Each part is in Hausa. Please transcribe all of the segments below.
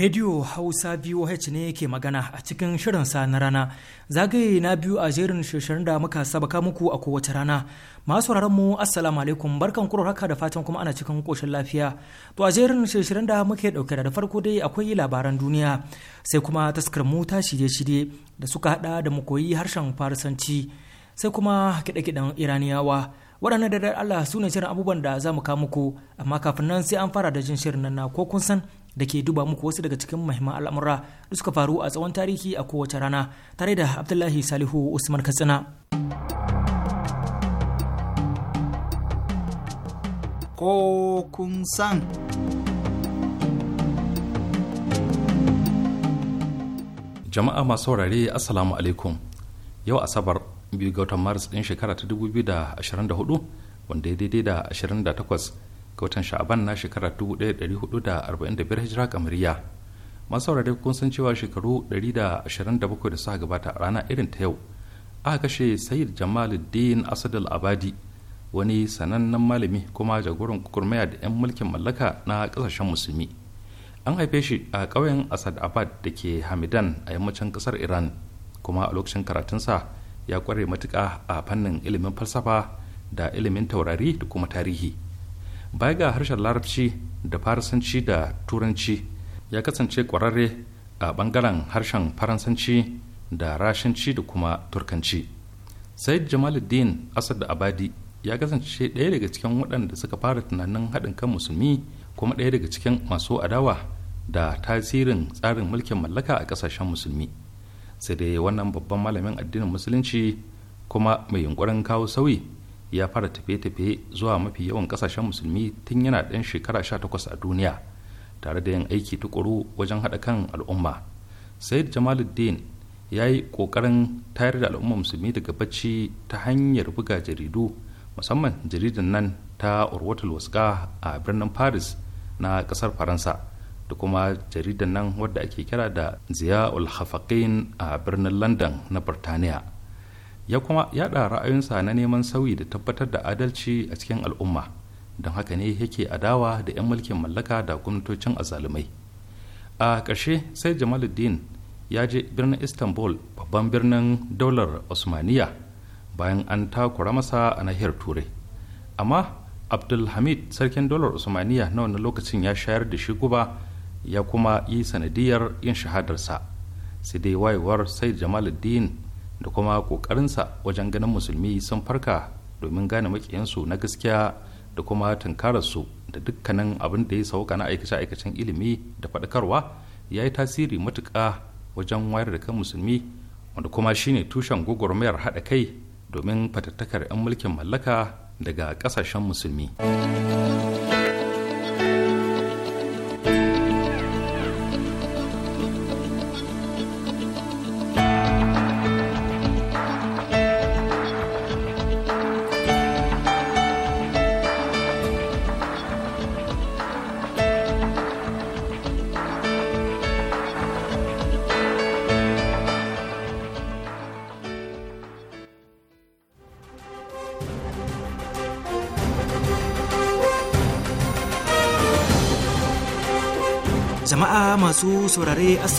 Radio Hausa VOH ne ke magana a cikin shirin sa na rana. Zagaye na biyu a jerin shirin da muka sabaka muku a kowace rana. Masu mu Assalamu alaikum barkan kuro haka da fatan kuma ana cikin koshin lafiya. To a jerin shirin da muke dauke da farko dai akwai labaran duniya sai kuma taskar mu ta shirye-shirye da suka hada da mu koyi harshen Farisanci sai kuma kiɗe-kiɗen Iraniyawa. waɗannan da Allah su ne shirin abubuwan da za mu muku amma kafin nan sai an fara da jin shirin nan na ko kun san da ke duba muku wasu daga cikin mahimman al'amura da suka faru a tsawon tarihi a kowace rana tare da Abdullahi Salihu Usman Katsina. Ko kun san. Jama'a masu saurare Assalamu alaikum. Yau Asabar biyu ga watan maris din shekara ta 2024 wanda ya daidai da 28 ga watan sha'aban na shekara 1445 hijira kamariya masu saurare kun san cewa shekaru 127 da suka gabata a rana irin ta yau aka kashe sayyid jamaluddin asadul abadi wani sanannen malami kuma jagoran kurmaya da 'yan mulkin mallaka na kasashen musulmi an haife shi a ƙauyen asad abad da ke hamidan a yammacin ƙasar iran kuma a lokacin karatunsa ya kware matuƙa a fannin ilimin falsafa da ilimin taurari da kuma tarihi baya ga harshen larabci da Faransanci da turanci ya kasance kwararre a bangaren harshen faransanci da rashanci da kuma turkanci said jamaluddin asad da abadi ya kasance ɗaya daga cikin waɗanda suka fara tunanin haɗin kan musulmi kuma ɗaya daga cikin masu adawa da tasirin tsarin mulkin mallaka a ƙasashen musulmi sai dai wannan babban malamin addinin musulunci kuma mai yunkurin kawo sauyi ya fara tafiye-tafiye zuwa mafi yawan kasashen musulmi tun yana ɗan shekara 18 a duniya tare da yin aiki tukuru wajen haɗa kan al'umma said jamaluddin ya yi ƙoƙarin tayar da al'umma musulmi daga bacci ta hanyar buga jaridu musamman jaridan nan ta orwatal waska a birnin paris na ƙasar faransa da kuma jaridar nan wadda ake kira da ziya ul a birnin london na birtaniya ya kuma yada ra'ayinsa na neman sauyi da tabbatar da adalci a cikin al'umma don haka ne yake adawa da 'yan mulkin mallaka da gwamnatocin azalumai a ƙarshe sai jamaluddin ya je birnin istanbul babban birnin daular osmaniya bayan an takura masa a nahiyar turai amma abdulhamid sarkin daular osmaniya na wani lokacin ya shayar da shi guba ya kuma yi sanadiyar yin shahadarsa sai dai wayewar sai jamaluddin da kuma ƙoƙarinsa wajen ganin musulmi sun farka domin gane makiyansu na gaskiya da kuma tunkararsu da dukkanin abin da ya sauka na aikace-aikacen ilimi da faɗakarwa ya yi tasiri matuƙa wajen wayar da kan musulmi wanda kuma shine tushen gwagwarmayar haɗa kai domin fatattakar 'yan mulkin mallaka daga ƙasashen musulmi.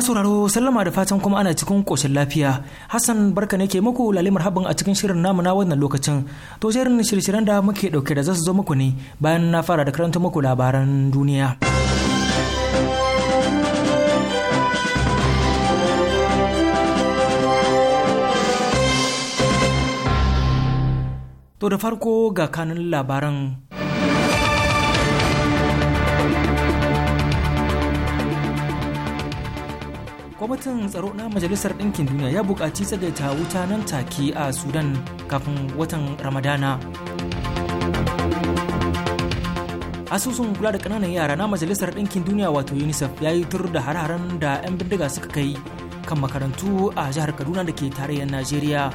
masu sauraro sallama da fatan kuma ana cikin koshin lafiya hassan barka ne ke muku lalimar habin a cikin shirin namu na wannan lokacin to shirin shirye-shiryen da muke dauke da zasu zo muku ne bayan na fara da karanta muku labaran duniya to da farko ga kanun labaran kwamitin tsaro na majalisar ɗinkin duniya ya buƙaci tsagaita wuta nan take a sudan kafin watan ramadana asusun kula da ƙananan yara na majalisar ɗinkin duniya wato unicef ya yi tur da har-haren da 'yan bindiga suka kai kan makarantu a jihar kaduna da ke tarayyar najeriya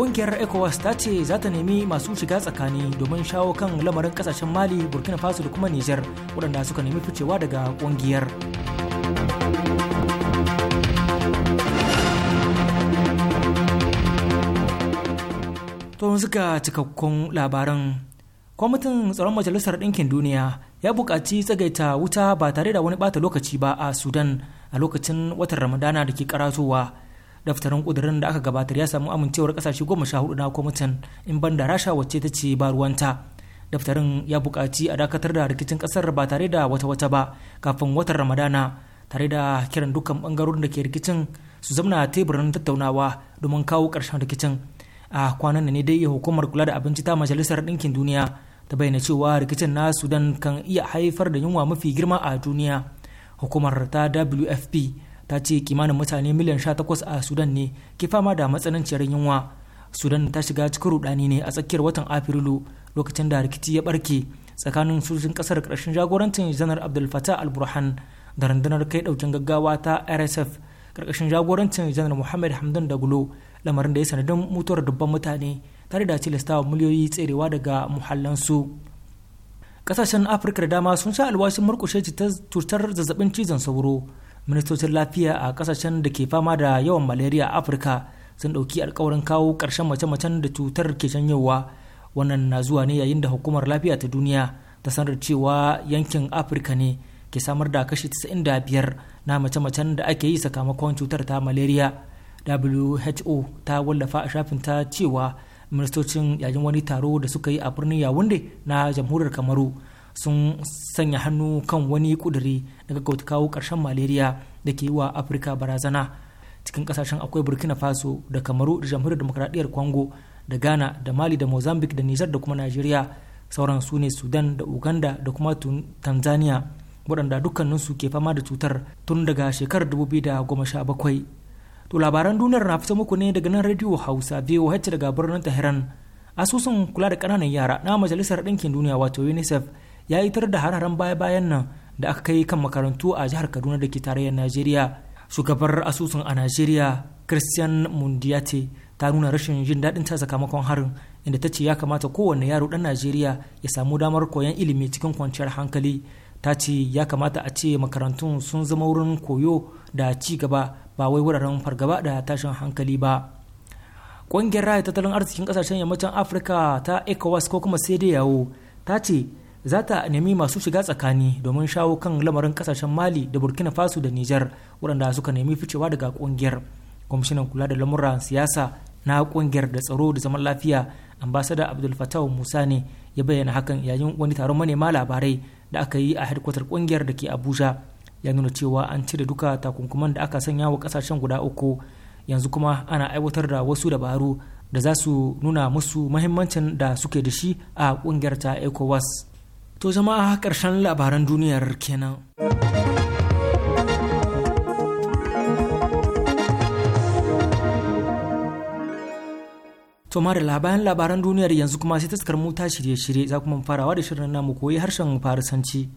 Ƙungiyar ECOWAS ta ce za ta nemi masu shiga tsakani domin shawo kan lamarin kasashen Mali, Burkina Faso da kuma Nijar waɗanda suka nemi ficewa daga ƙungiyar. To suka cikakkun labaran kwamitin tsaron majalisar ɗinkin duniya ya buƙaci tsagaita wuta ba tare da wani ɓata lokaci ba a sudan a lokacin watan ramadana da ke karatowa daftarin kudirin da aka gabatar ya samu amincewar kasashe goma sha hudu na kwamitin in banda da rasha wacce ta ce ba ruwanta daftarin ya buƙaci a dakatar da rikicin ƙasar ba tare da wata wata ba kafin watan ramadana tare da kiran dukkan bangarorin da ke rikicin su zamna teburin tattaunawa domin kawo ƙarshen rikicin a kwanan ne dai hukumar kula da abinci ta majalisar ɗinkin duniya ta bayyana cewa rikicin na sudan kan iya haifar da yunwa mafi girma a duniya hukumar ta wfp ta ce kimanin mutane miliyan 18 a sudan ne ke fama da matsananciyar yunwa sudan ta shiga cikin rudani ne a tsakiyar watan afrilu lokacin da rikici ya barke tsakanin sojojin kasar karshen jagorancin janar abdul fatah al-burhan da rundunar kai daukin gaggawa ta rsf karkashin jagorancin janar muhammad hamdan dagulo lamarin da ya sanadin mutuwar dubban mutane tare da tilastawa miliyoyi tserewa daga muhallansu kasashen afirka da dama sun sha alwashin murkushe cutar zazzabin cizon sauro ministocin lafiya a kasashen da ke fama da yawan malaria a afirka sun ɗauki alkawarin kawo ƙarshen mace-macen da cutar ke shanyewa wannan na zuwa ne yayin da hukumar lafiya ta duniya ta sanar cewa yankin afirka ne ke samar da kashi 95 na mace-macen da ake yi sakamakon cutar ta malaria who ta wallafa a ta cewa ministocin yayin wani taro da suka yi a birnin yawunde na jamhuriyar kamaru sun sanya hannu kan wani kuduri na gaggauta kawo ƙarshen maleriya da ke wa afirka barazana cikin ƙasashen akwai burkina faso da kamaru da jamhuriyar demokradiyyar congo da ghana da mali da mozambique da nijar da kuma nigeria sauran su ne sudan da uganda da kuma tanzania waɗanda dukkaninsu ke fama da cutar tun daga shekarar dubu biyu da bakwai. to labaran duniyar na fito muku ne daga nan radio hausa voh daga birnin tehran asusun kula da ƙananan yara na majalisar ɗinkin duniya wato unicef ya yi tar da hararen baya-bayan nan da aka kai kan makarantu a jihar kaduna da ke tarayyar najeriya shugabar asusun a najeriya christian mundiate ta nuna rashin jin daɗin ta sakamakon harin inda ta ce ya kamata kowane yaro ɗan najeriya ya samu damar koyon ilimi cikin kwanciyar hankali ta ce ya kamata a ce makarantun sun zama wurin koyo da ci gaba ba wai wuraren fargaba da tashin hankali ba ƙungiyar raya tattalin arzikin ƙasashen yammacin afirka ta ecowas ko kuma sai yawo ta ce za ta nemi masu shiga tsakani domin shawo kan lamarin kasashen mali da burkina faso da nijar waɗanda suka nemi ficewa daga ƙungiyar kwamishinan kula da lamuran siyasa na ƙungiyar da tsaro da zaman lafiya ambasada abdul fataw musa ne ya bayyana hakan yayin wani taron manema labarai da aka yi a hedkwatar ƙungiyar da ke abuja ya nuna cewa an cire duka takunkuman da aka sanya wa kasashen guda uku yanzu kuma ana aiwatar da wasu dabaru da za su nuna musu mahimmancin da suke da shi a kungiyar ta ecowas To zama a ƙarshen labaran duniyar kenan. To da labaran labaran duniyar yanzu kuma sai taskar mu ta shirye-shirye za kuma farawa da shirin namu koyi harshen Farisanci.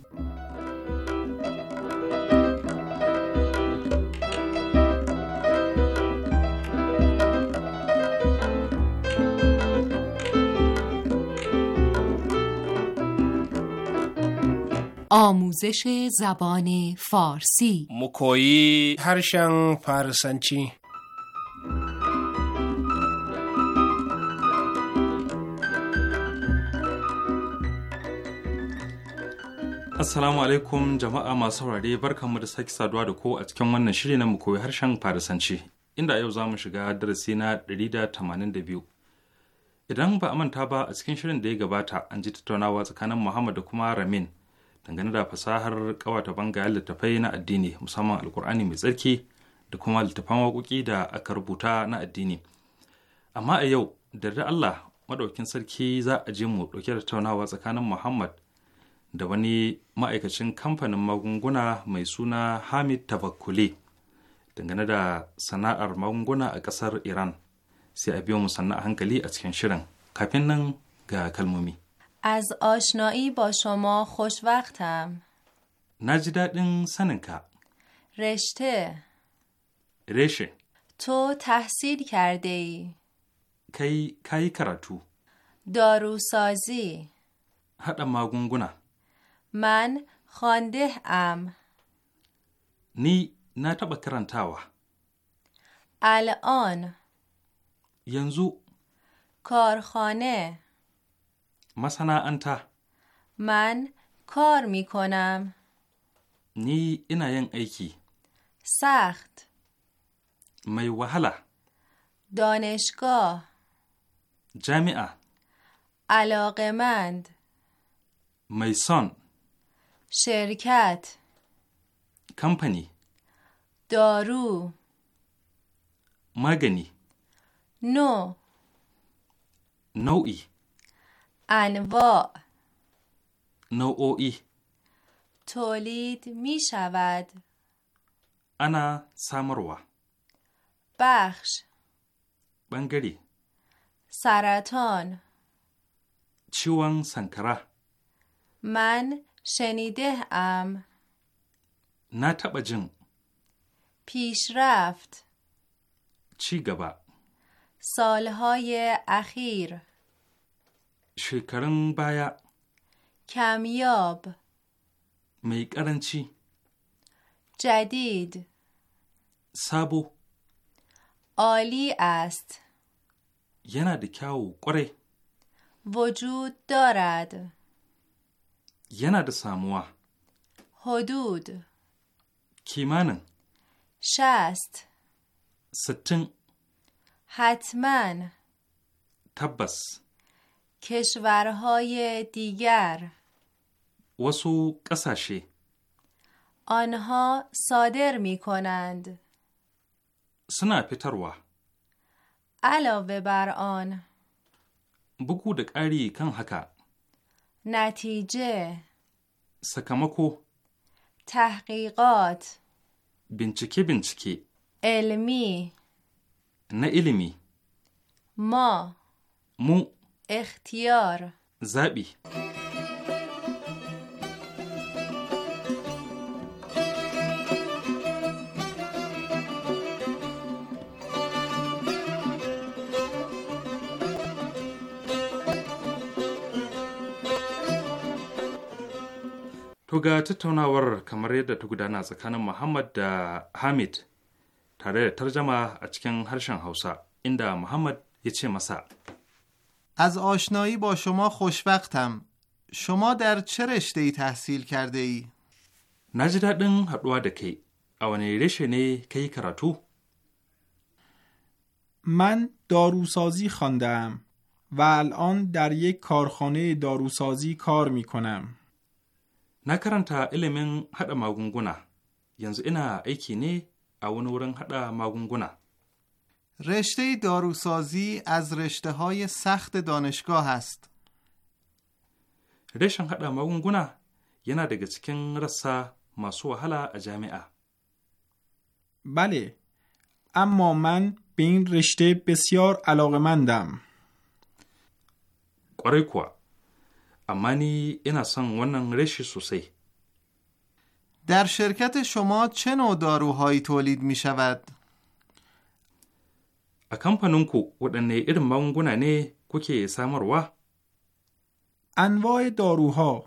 آموزش زبان فارسی مکویی هرشن فارسنچی Assalamu alaikum jama'a masu saurare barkanmu da sake saduwa da ko a cikin wannan shiri na koyi harshen Farisanci inda yau za mu shiga darasi na 182. Idan ba a manta ba a cikin shirin da ya gabata an ji tattaunawa tsakanin Muhammad da kuma Ramin dangane da fasahar kawata ya littattafai na addini musamman alkur'ani mai tsarki da kuma littattafan waƙoƙi da aka rubuta na addini amma a yau da allah maɗaukin sarki za a je mu ɗauke da taunawa tsakanin muhammad da wani ma'aikacin kamfanin magunguna mai suna hamid tabakkule dangane da sana'ar magunguna a ƙasar iran sai a biyo mu sannan a hankali a cikin shirin kafin nan ga kalmomi از آشنایی با شما خوشوقتم. نجدادن سننکا رشته رشه تو تحصیل کرده ای کی کی کراتو داروسازی اما ماگونگونا من خانده ام نی na taɓa الان. ینزو. ینزو. کارخانه. masana'anta من کار می کنم نی اینا یکی ایکی سخت می دانشگاه دانشگاه جامعه علاقمند میسان شرکت کمپنی دارو مگنی نو نوئی انواع نوعی تولید می شود انا سامروا بخش بنگری سرطان چیوان سنکرا من شنیده ام نه پیش پیشرفت چی گبا سالهای اخیر shekarun baya kamiyob mai karanci jadid sabo oli ast yana da kyawu kwarai. wujud dorad yana da samuwa hudud kimanin shast sittin hatman tabbas کشورهای دیگر وسو قساشی آنها صادر می کنند سنا پیتروا علاوه بر آن بگو دکاری کن حکا نتیجه سکمکو تحقیقات بینچکی بینچکی علمی نه علمی ما مو اختیار زبی tuga tattaunawar kamar yadda ta gudana tsakanin Muhammad da Hamid tare da tarjama a cikin harshen Hausa, inda Muhammad ya ce masa. از آشنایی با شما خوشوقتم شما در چه رشته ای تحصیل کرده ای؟ نجده دن حدوه دکی اوانی رشه نه کی کراتو من داروسازی خاندم و الان در یک کارخانه داروسازی کار می کنم. تا علمین حد ماغونگونا ینز اینا ایکی نی اوانورن حد ماغونگونا رشته داروسازی از رشته های سخت دانشگاه است. رشن حدا مونگونا ینا دگه چکن رسا ماسو حالا ا بله اما من به این رشته بسیار علاقمندم. مندم کوا، اما نی اینا سن wannan رشی سوسی در شرکت شما چه نوع داروهایی تولید می شود؟ a kamfaninku waɗanne irin magunguna ne kuke samarwa? An daruha,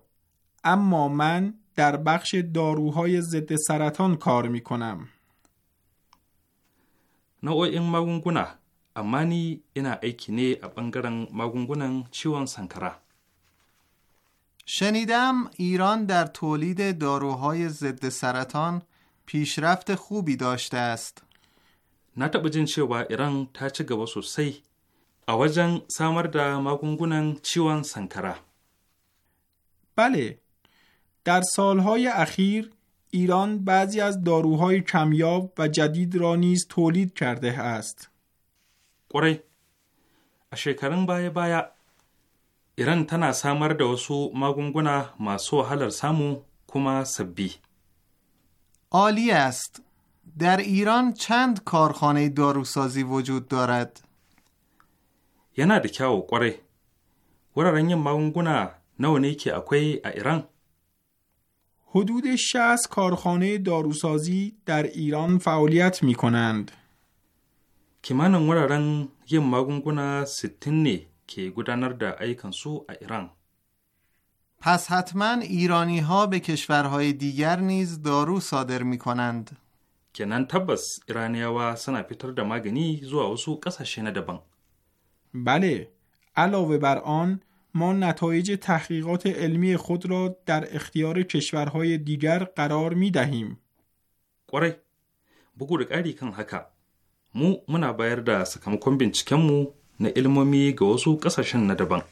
amma man در بخش داروهای ضد سرطان کار می کنم. نو no, این مغنگونه اما نی اینا ایکی نی اب انگران مغنگونه چیوان سنکرا. شنیدم ایران در تولید داروهای ضد سرطان پیشرفت خوبی داشته است. na taɓa jin cewa Iran ta ci gaba sosai a wajen samar da magungunan ciwon بله در سالهای اخیر ایران بعضی از داروهای کمیاب و جدید را نیز تولید کرده است قره اشکرن بایه بایه ایران تنا سامر دا وسو ماگونگونا ماسو حلر سامو کما سبی عالی است در ایران چند کارخانه داروسازی وجود دارد؟ یانا ده کیاو قوره وراران یم ماونگونا نوانه که اکوی ایران حدود 60 کارخانه داروسازی در ایران فعالیت می کنند. که من وراران یه ماونگونا ستنی که گودانر در ایکنسو ایران پس حتما ایرانی ها به کشورهای دیگر نیز دارو صادر می کنند. kenan tabbas iraniyawa و fitar da magani zuwa wasu ƙasashe na بله علاوه بر آن ما نتایج تحقیقات علمی خود را در اختیار کشورهای دیگر قرار می دهیم. قره بگو دکاری کن حکا مو منا بایر دا سکمکن بینچکن مو نه علمومی گوزو قساشن ندبن.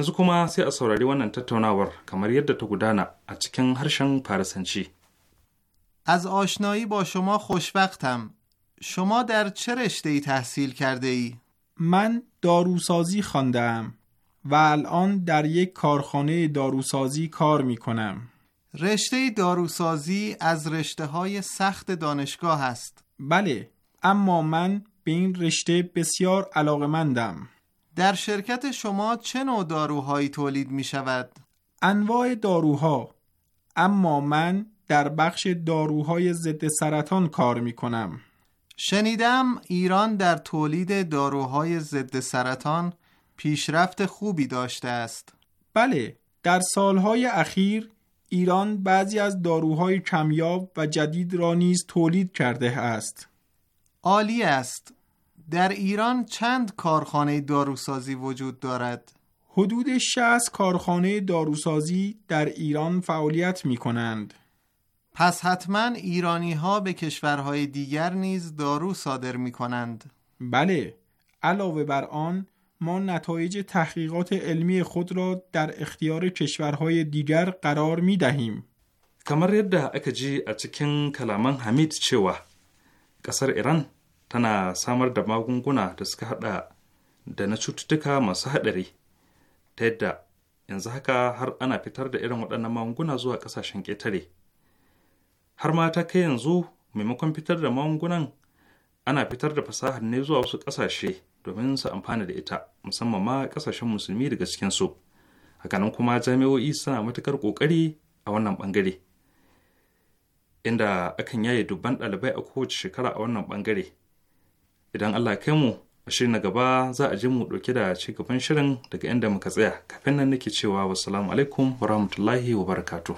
yanzu kuma sai از آشنایی با شما خوشوقتم. شما در چه رشته ای تحصیل کرده ای؟ من داروسازی خاندم و الان در یک کارخانه داروسازی کار می کنم. رشته داروسازی از رشته های سخت دانشگاه است. بله، اما من به این رشته بسیار مندم در شرکت شما چه نوع داروهایی تولید می شود؟ انواع داروها اما من در بخش داروهای ضد سرطان کار می کنم شنیدم ایران در تولید داروهای ضد سرطان پیشرفت خوبی داشته است بله در سالهای اخیر ایران بعضی از داروهای کمیاب و جدید را نیز تولید کرده است عالی است در ایران چند کارخانه داروسازی وجود دارد؟ حدود 60 کارخانه داروسازی در ایران فعالیت می کنند. پس حتما ایرانی ها به کشورهای دیگر نیز دارو صادر می کنند. بله، علاوه بر آن ما نتایج تحقیقات علمی خود را در اختیار کشورهای دیگر قرار می دهیم. کمر یده اکجی اچکن کلامان حمید چوا؟ ایران tana samar da magunguna da suka hada da na cututtuka masu haɗari ta yadda yanzu haka har ana fitar da irin waɗannan magunguna zuwa ƙasashen ƙetare har ma ta kai yanzu maimakon fitar da magungunan ana fitar da fasahar ne zuwa wasu ƙasashe domin su amfana da ita musamman ma ƙasashen musulmi daga cikin su hakanan kuma jami'o'i suna matuƙar ƙoƙari a wannan ɓangare inda akan yaye dubban ɗalibai a kowace shekara a wannan ɓangare idan allah kai mu a shirin na gaba za a ji mu dauke da ci gaban shirin daga inda muka tsaya kafin nan nake cewa wassalamu alaikum wa rahmatullahi wa barakatuh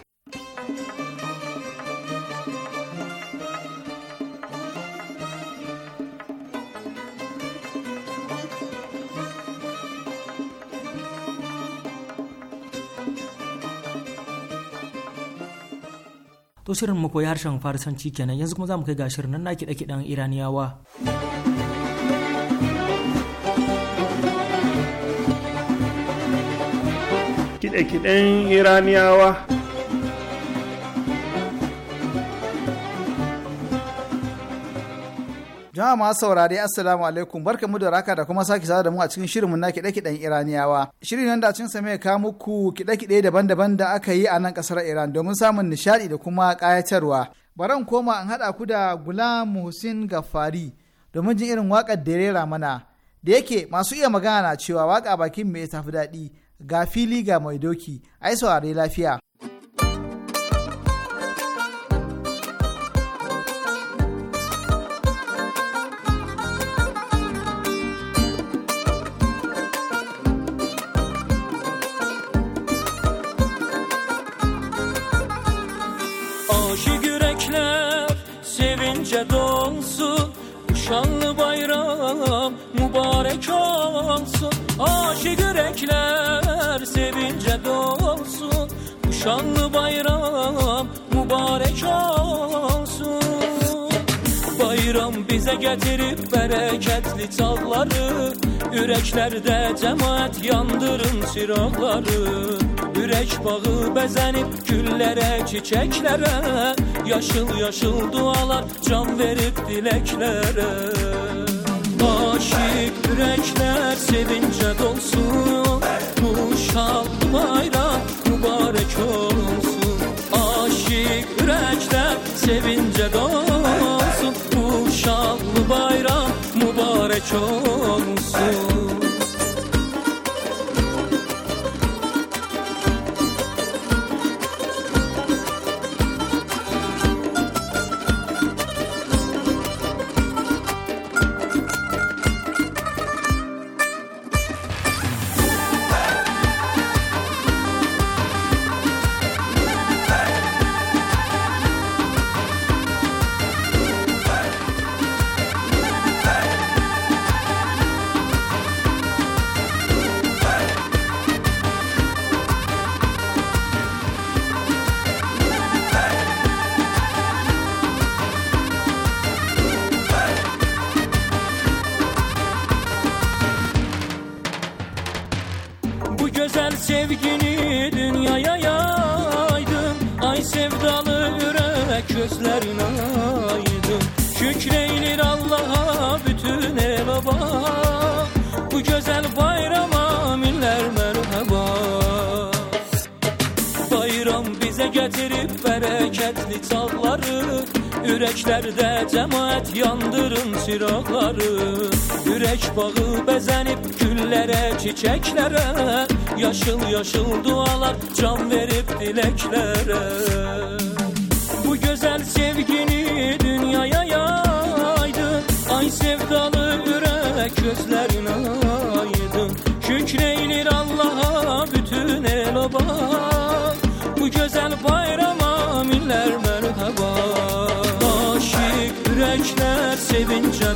to shirin ya harshen farisanci kenan yanzu kuma za mu kai ga shirin nan na kiɗe-kiɗen iraniyawa kiɗe-kiɗen iraniyawa jama'a masu saurari assalamu alaikum barka mu da raka da kuma sake sada da mu a cikin shirinmu na kiɗe-kiɗen iraniyawa shirin nan da cin sa mai ka muku kiɗe-kiɗe daban-daban da aka yi a nan ƙasar iran domin samun nishaɗi da kuma ƙayatarwa baran koma an haɗa ku da gulam hussein gafari domin jin irin waƙar da ya rera mana da yake masu iya magana na cewa waƙa bakin mai tafi daɗi ga fili ga mai doki ai saurari lafiya Şanlı bayram mübarek olsun Bayram bize getirip bereketli talları Üreklerde cemaat yandırın çıraqları Ürək bağı bəzənib güllərə, çiçəklərə Yaşıl-yaşıl dualar can verib diləklərə Aşiq ürəklər sevincə dolsun Bu şal bayram sevince dolsun Bu bayram mübarek olsun Yüreklerde cemaat yandırın çırakları Yürek bağı bezenip güllere çiçeklere Yaşıl yaşıl dualar can verip dileklere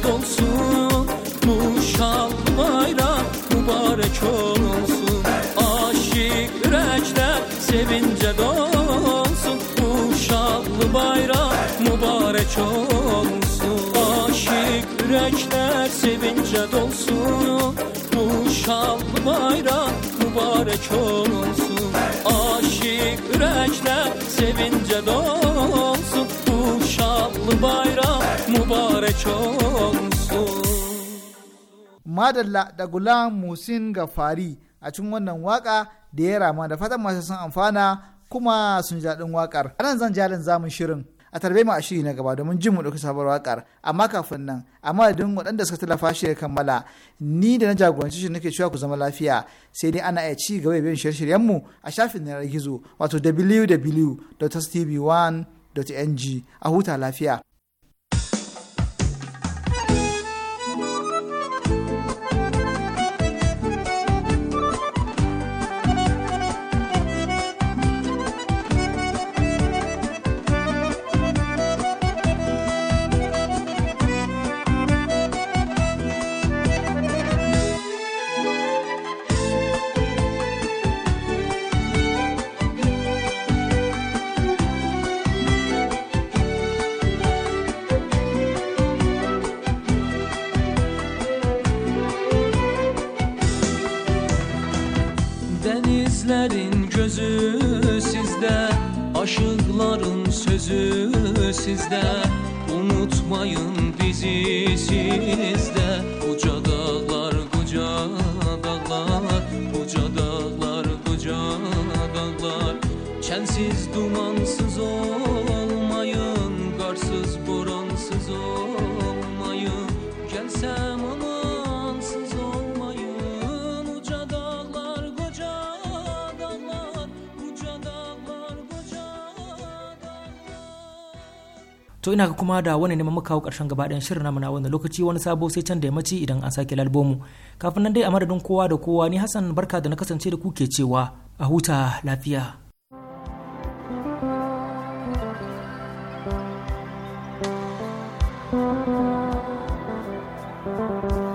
şad olsun Muşal bayram mübarek olsun Aşık reçler sevince dolsun Muşallı bayram mübarek olsun Aşık reçler sevince dolsun Muşallı bayram mübarek olsun Aşık reçler sevince dolsun Muşallı bayram mübarek olsun madalla da gulam musin gafari a cikin wannan waka da ya rama da fatan masu sun amfana kuma sun ji daɗin wakar a nan zan jalin zamun shirin a tarbe mu a shiri na gaba domin jin mu ɗauki sabuwar wakar amma kafin nan amma da waɗanda suka tallafa shi kammala ni da na jagoranci shi nake cewa ku zama lafiya sai dai ana iya ci gaba bin shirye-shiryen mu a shafin na gizo wato www.tv1.ng a huta lafiya Denizlerin gözü sizdə Aşıqların sözü sizdə Unutmayın bizi sizdə Uca dağlar, qoca dağlar Uca dağlar, qoca dağlar Çənsiz duman to ina ga kuma da wani neman muka kawo karshen gaba ɗayan shirin namu na wannan lokaci wani sabo sai can da yammaci idan an sake lalbomu kafin nan dai a madadin kowa da kowa ni hassan barka da na kasance da ku ke cewa a huta lafiya thank you